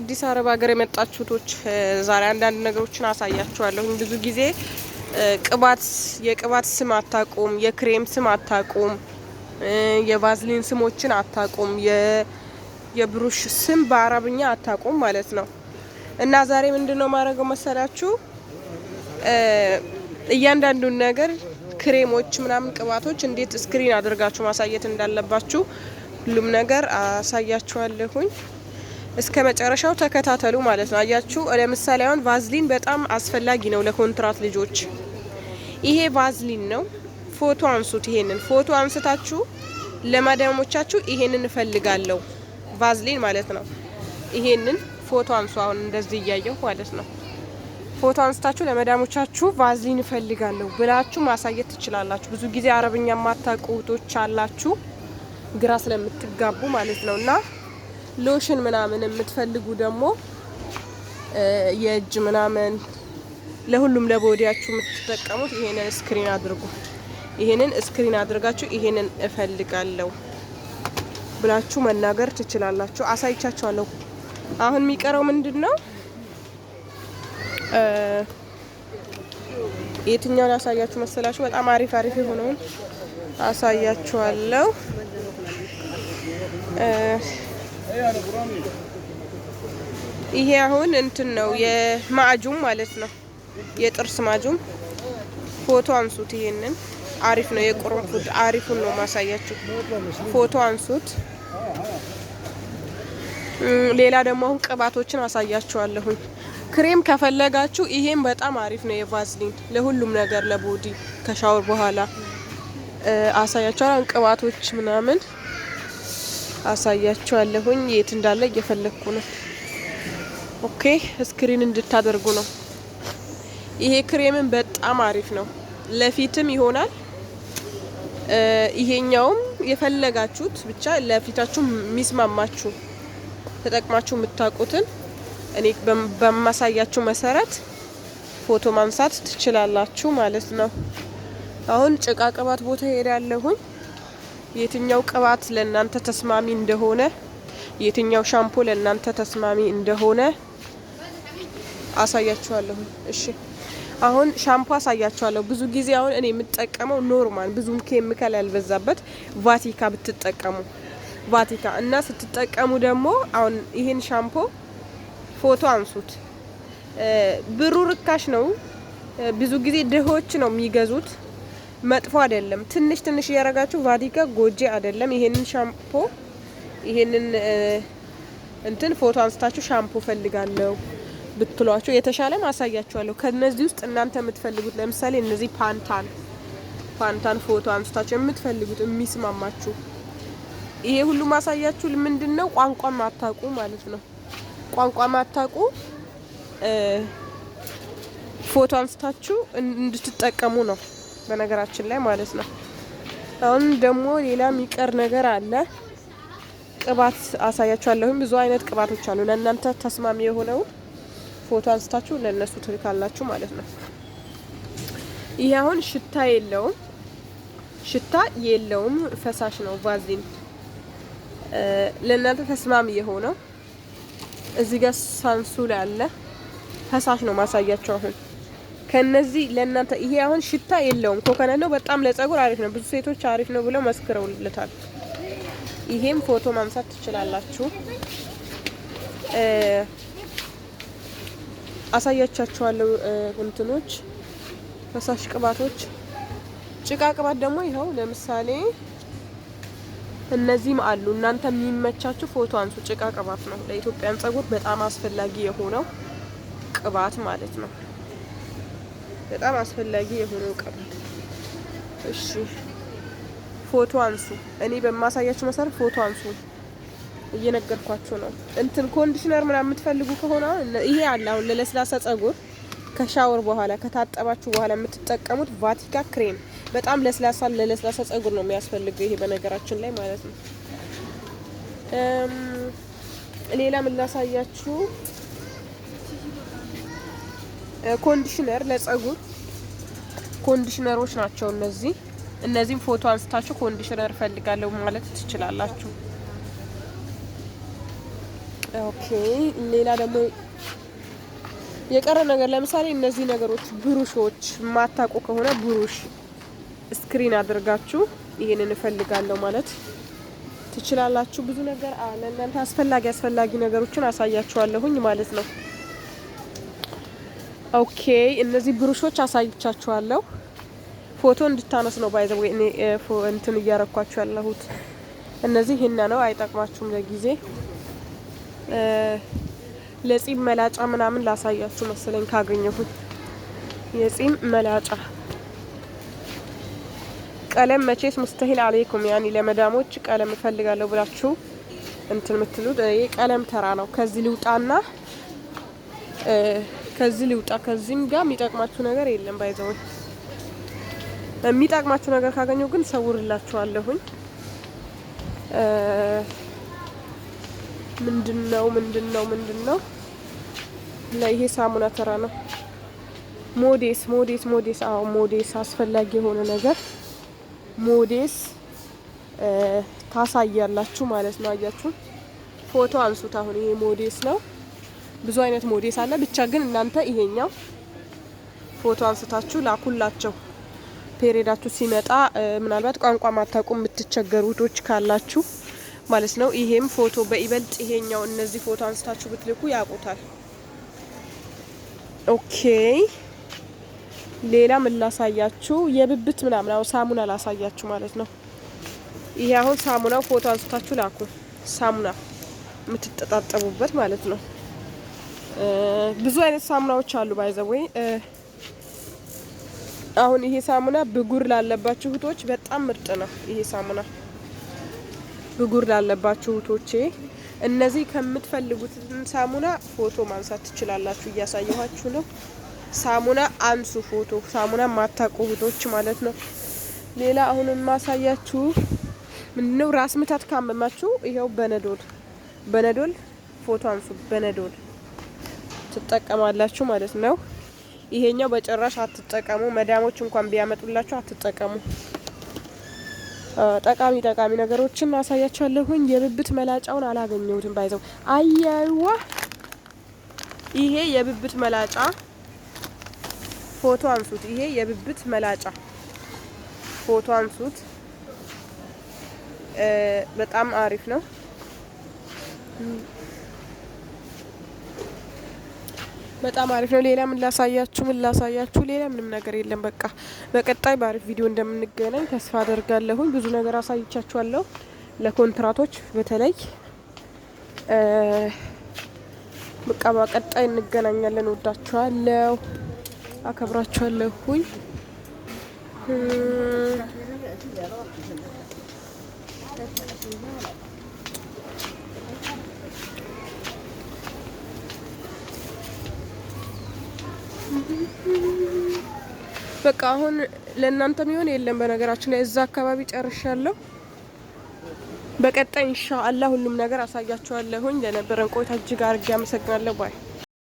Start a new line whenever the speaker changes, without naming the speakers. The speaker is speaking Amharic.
አዲስ አረብ ሀገር የመጣችሁቶች ዛሬ አንዳንድ ነገሮችን አሳያችኋለሁኝ። ብዙ ጊዜ ቅባት የቅባት ስም አታቁም፣ የክሬም ስም አታቁም፣ የቫዝሊን ስሞችን አታቁም፣ የብሩሽ ስም በአረብኛ አታቁም ማለት ነው። እና ዛሬ ምንድን ነው ማድረገው መሰላችሁ እያንዳንዱን ነገር ክሬሞች፣ ምናምን ቅባቶች እንዴት ስክሪን አድርጋችሁ ማሳየት እንዳለባችሁ ሁሉም ነገር አሳያችኋለሁኝ። እስከ መጨረሻው ተከታተሉ ማለት ነው። አያችሁ ለምሳሌ አሁን ቫዝሊን በጣም አስፈላጊ ነው ለኮንትራት ልጆች። ይሄ ቫዝሊን ነው። ፎቶ አንሱት። ይሄንን ፎቶ አንስታችሁ ለማዳሞቻችሁ ይሄንን እፈልጋለሁ ቫዝሊን ማለት ነው። ይሄንን ፎቶ አንሱ። አሁን እንደዚህ እያየሁ ማለት ነው። ፎቶ አንስታችሁ ለመዳሞቻችሁ ቫዝሊን እፈልጋለሁ ብላችሁ ማሳየት ትችላላችሁ። ብዙ ጊዜ አረብኛ ማታቁቶች አላችሁ ግራ ስለምትጋቡ ማለት ነው እና ሎሽን ምናምን የምትፈልጉ ደግሞ የእጅ ምናምን ለሁሉም ለቦዲያችሁ የምትጠቀሙት ይሄንን ስክሪን አድርጉ። ይሄንን ስክሪን አድርጋችሁ ይሄንን እፈልጋለሁ ብላችሁ መናገር ትችላላችሁ። አሳይቻችኋለሁ። አሁን የሚቀረው ምንድን ነው? የትኛውን ያሳያችሁ መሰላችሁ? በጣም አሪፍ አሪፍ የሆነውን አሳያችኋለሁ። ይሄ አሁን እንትን ነው የማጁም ማለት ነው የጥርስ ማጁም ፎቶ አንሱት። ይሄንን አሪፍ ነው የቅርንፉድ አሪፉን ነው ማሳያችሁ። ፎቶ አንሱት። ሌላ ደግሞ አሁን ቅባቶችን አሳያችኋለሁኝ። ክሬም ከፈለጋችሁ ይሄም በጣም አሪፍ ነው የቫዝሊን ለሁሉም ነገር ለቦዲ ከሻወር በኋላ አሳያችኋለሁ። ቅባቶች ምናምን አሳያችኋለሁኝ። የት እንዳለ እየፈለግኩ ነው። ኦኬ ስክሪን እንድታደርጉ ነው። ይሄ ክሬምን በጣም አሪፍ ነው፣ ለፊትም ይሆናል። ይሄኛውም የፈለጋችሁት ብቻ ለፊታችሁ የሚስማማችሁ ተጠቅማችሁ የምታውቁትን እኔ በማሳያችሁ መሰረት ፎቶ ማንሳት ትችላላችሁ ማለት ነው። አሁን ጭቃ ቅባት ቦታ ሄዳለሁኝ። የትኛው ቅባት ለእናንተ ተስማሚ እንደሆነ የትኛው ሻምፖ ለእናንተ ተስማሚ እንደሆነ አሳያችኋለሁ። እሺ አሁን ሻምፖ አሳያችኋለሁ። ብዙ ጊዜ አሁን እኔ የምጠቀመው ኖርማል ብዙም ኬሚካል ያልበዛበት ቫቲካ ብትጠቀሙ ቫቲካ እና ስትጠቀሙ ደግሞ አሁን ይሄን ሻምፖ ፎቶ አንሱት። ብሩ ርካሽ ነው። ብዙ ጊዜ ድሆች ነው የሚገዙት። መጥፎ አይደለም። ትንሽ ትንሽ እያረጋችሁ ቫዲጋ ጎጂ አይደለም። ይሄንን ሻምፖ ይሄንን እንትን ፎቶ አንስታችሁ ሻምፖ ፈልጋለሁ ብትሏቸው የተሻለ ማሳያችኋለሁ። ከነዚህ ውስጥ እናንተ የምትፈልጉት ለምሳሌ እነዚህ ፓንታን ፓንታን ፎቶ አንስታችሁ የምትፈልጉት የሚስማማችሁ ይሄ ሁሉ ማሳያችሁ ምንድን ነው? ቋንቋ ማታቁ ማለት ነው። ቋንቋ ማታቁ ፎቶ አንስታችሁ እንድትጠቀሙ ነው። በነገራችን ላይ ማለት ነው። አሁን ደግሞ ሌላ የሚቀር ነገር አለ። ቅባት አሳያችኋለሁም። ብዙ አይነት ቅባቶች አሉ። ለእናንተ ተስማሚ የሆነው ፎቶ አንስታችሁ ለእነሱ ትልካላችሁ ማለት ነው። ይሄ አሁን ሽታ የለውም፣ ሽታ የለውም፣ ፈሳሽ ነው። ቫዚን ለእናንተ ተስማሚ የሆነው እዚህ ጋር ላይ አለ። ፈሳሽ ነው ማሳያቸው አሁን ከነዚህ ለእናንተ ይሄ አሁን ሽታ የለውም፣ ኮከነት ነው። በጣም ለጸጉር አሪፍ ነው። ብዙ ሴቶች አሪፍ ነው ብለው መስክረውልታል። ይሄም ፎቶ ማንሳት ትችላላችሁ። አሳያቻችኋለሁ። እንትኖች ፈሳሽ ቅባቶች፣ ጭቃ ቅባት ደግሞ ይኸው ለምሳሌ እነዚህም አሉ። እናንተ የሚመቻችሁ ፎቶ አንሱ። ጭቃ ቅባት ነው ለኢትዮጵያን ጸጉር በጣም አስፈላጊ የሆነው ቅባት ማለት ነው። በጣም አስፈላጊ የሆነ እውቀት እሺ ፎቶ አንሱ። እኔ በማሳያችሁ መሰረት ፎቶ አንሱ። እየነገርኳችሁ ነው። እንትን ኮንዲሽነር ምናምን የምትፈልጉ ከሆነ ይሄ አለ። አሁን ለለስላሳ ጸጉር ከሻወር በኋላ ከታጠባችሁ በኋላ የምትጠቀሙት ቫቲካ ክሬም በጣም ለስላሳ ለለስላሳ ጸጉር ነው የሚያስፈልገው። ይሄ በነገራችን ላይ ማለት ነው። ሌላ ምን ላሳያችሁ? ኮንዲሽነር ለጸጉር ኮንዲሽነሮች ናቸው እነዚህ። እነዚህም ፎቶ አንስታችሁ ኮንዲሽነር እፈልጋለሁ ማለት ትችላላችሁ። ኦኬ ሌላ ደግሞ የቀረ ነገር ለምሳሌ እነዚህ ነገሮች ብሩሾች ማታቁ ከሆነ ብሩሽ ስክሪን አድርጋችሁ ይሄንን እፈልጋለሁ ማለት ትችላላችሁ። ብዙ ነገር ለእናንተ አስፈላጊ አስፈላጊ ነገሮችን አሳያችኋለሁኝ ማለት ነው። ኦኬ እነዚህ ብሩሾች አሳይቻችኋለሁ። ፎቶ እንድታነስ ነው ባይዘ ወይ እኔ እንትን እያረኳችሁ ያለሁት እነዚህ ይህና ነው። አይጠቅማችሁም ለጊዜ ለጺም መላጫ ምናምን ላሳያችሁ መሰለኝ ካገኘሁት የጺም መላጫ ቀለም መቼስ ሙስተሂል አለይኩም ያኒ ለመዳሞች ቀለም እፈልጋለሁ ብላችሁ እንትን የምትሉት ቀለም ተራ ነው። ከዚህ ልውጣና ከዚህ ልውጣ፣ ከዚህም ጋር የሚጠቅማችሁ ነገር የለም። ባይዘው የሚጠቅማችሁ ነገር ካገኘው ግን ሰውርላችኋለሁኝ። ምንድን ነው ምንድን ነው ምንድን ነው? ይሄ ሳሙና ተራ ነው። ሞዴስ ሞዴስ ሞዴስ አዎ፣ ሞዴስ አስፈላጊ የሆነ ነገር ሞዴስ ታሳያላችሁ ማለት ነው። አያችሁ፣ ፎቶ አንሱት። አሁን ይሄ ሞዴስ ነው። ብዙ አይነት ሞዴስ አለ። ብቻ ግን እናንተ ይሄኛው ፎቶ አንስታችሁ ላኩላቸው። ፔሬዳችሁ ሲመጣ ምናልባት ቋንቋ ማታውቁ የምትቸገሩ ካላችሁ ማለት ነው። ይሄም ፎቶ በይበልጥ ይሄኛው እነዚህ ፎቶ አንስታችሁ ብትልኩ ያውቁታል። ኦኬ ሌላ ምን ላሳያችሁ? የብብት ምናምን አሁን ሳሙና ላሳያችሁ ማለት ነው። ይሄ አሁን ሳሙናው ፎቶ አንስታችሁ ላኩ። ሳሙና የምትጠጣጠቡበት ማለት ነው። ብዙ አይነት ሳሙናዎች አሉ። ባይዘወይ አሁን ይሄ ሳሙና ብጉር ላለባችሁ እህቶች በጣም ምርጥ ነው። ይሄ ሳሙና ብጉር ላለባችሁ እህቶቼ እነዚህ ከምትፈልጉት ሳሙና ፎቶ ማንሳት ትችላላችሁ። እያሳየኋችሁ ነው። ሳሙና አንሱ ፎቶ፣ ሳሙና ማታውቁ እህቶች ማለት ነው። ሌላ አሁን ማሳያችሁ ምንድነው፣ ራስ ምታት ካመማችሁ ይኸው በነዶል በነዶል ፎቶ አንሱ በነዶል ትጠቀማላችሁ ማለት ነው። ይሄኛው በጭራሽ አትጠቀሙ። መዳሞች እንኳን ቢያመጡላችሁ አትጠቀሙ። ጠቃሚ ጠቃሚ ነገሮችን አሳያችኋለሁኝ። የብብት መላጫውን አላገኘሁትም ባይዘው አያዩዋ። ይሄ የብብት መላጫ ፎቶ አንሱት። ይሄ የብብት መላጫ ፎቶ አንሱት። በጣም አሪፍ ነው። በጣም አሪፍ ነው። ሌላ ምን ላሳያችሁ ምን ላሳያችሁ፣ ሌላ ምንም ነገር የለም። በቃ በቀጣይ በአሪፍ ቪዲዮ እንደምንገናኝ ተስፋ አደርጋለሁኝ። ብዙ ነገር አሳይቻችኋለሁ። ለኮንትራቶች በተለይ በቃ በቀጣይ እንገናኛለን። ወዳችኋለሁ፣ አከብራችኋለሁኝ። በቃ አሁን ለእናንተ የሚሆን የለም። በነገራችን ላይ እዛ አካባቢ ጨርሻለሁ። በቀጣይ ኢንሻ አላህ ሁሉም ነገር አሳያችኋለሁኝ። ለነበረን ቆይታ እጅግ አድርጌ አመሰግናለሁ ባይ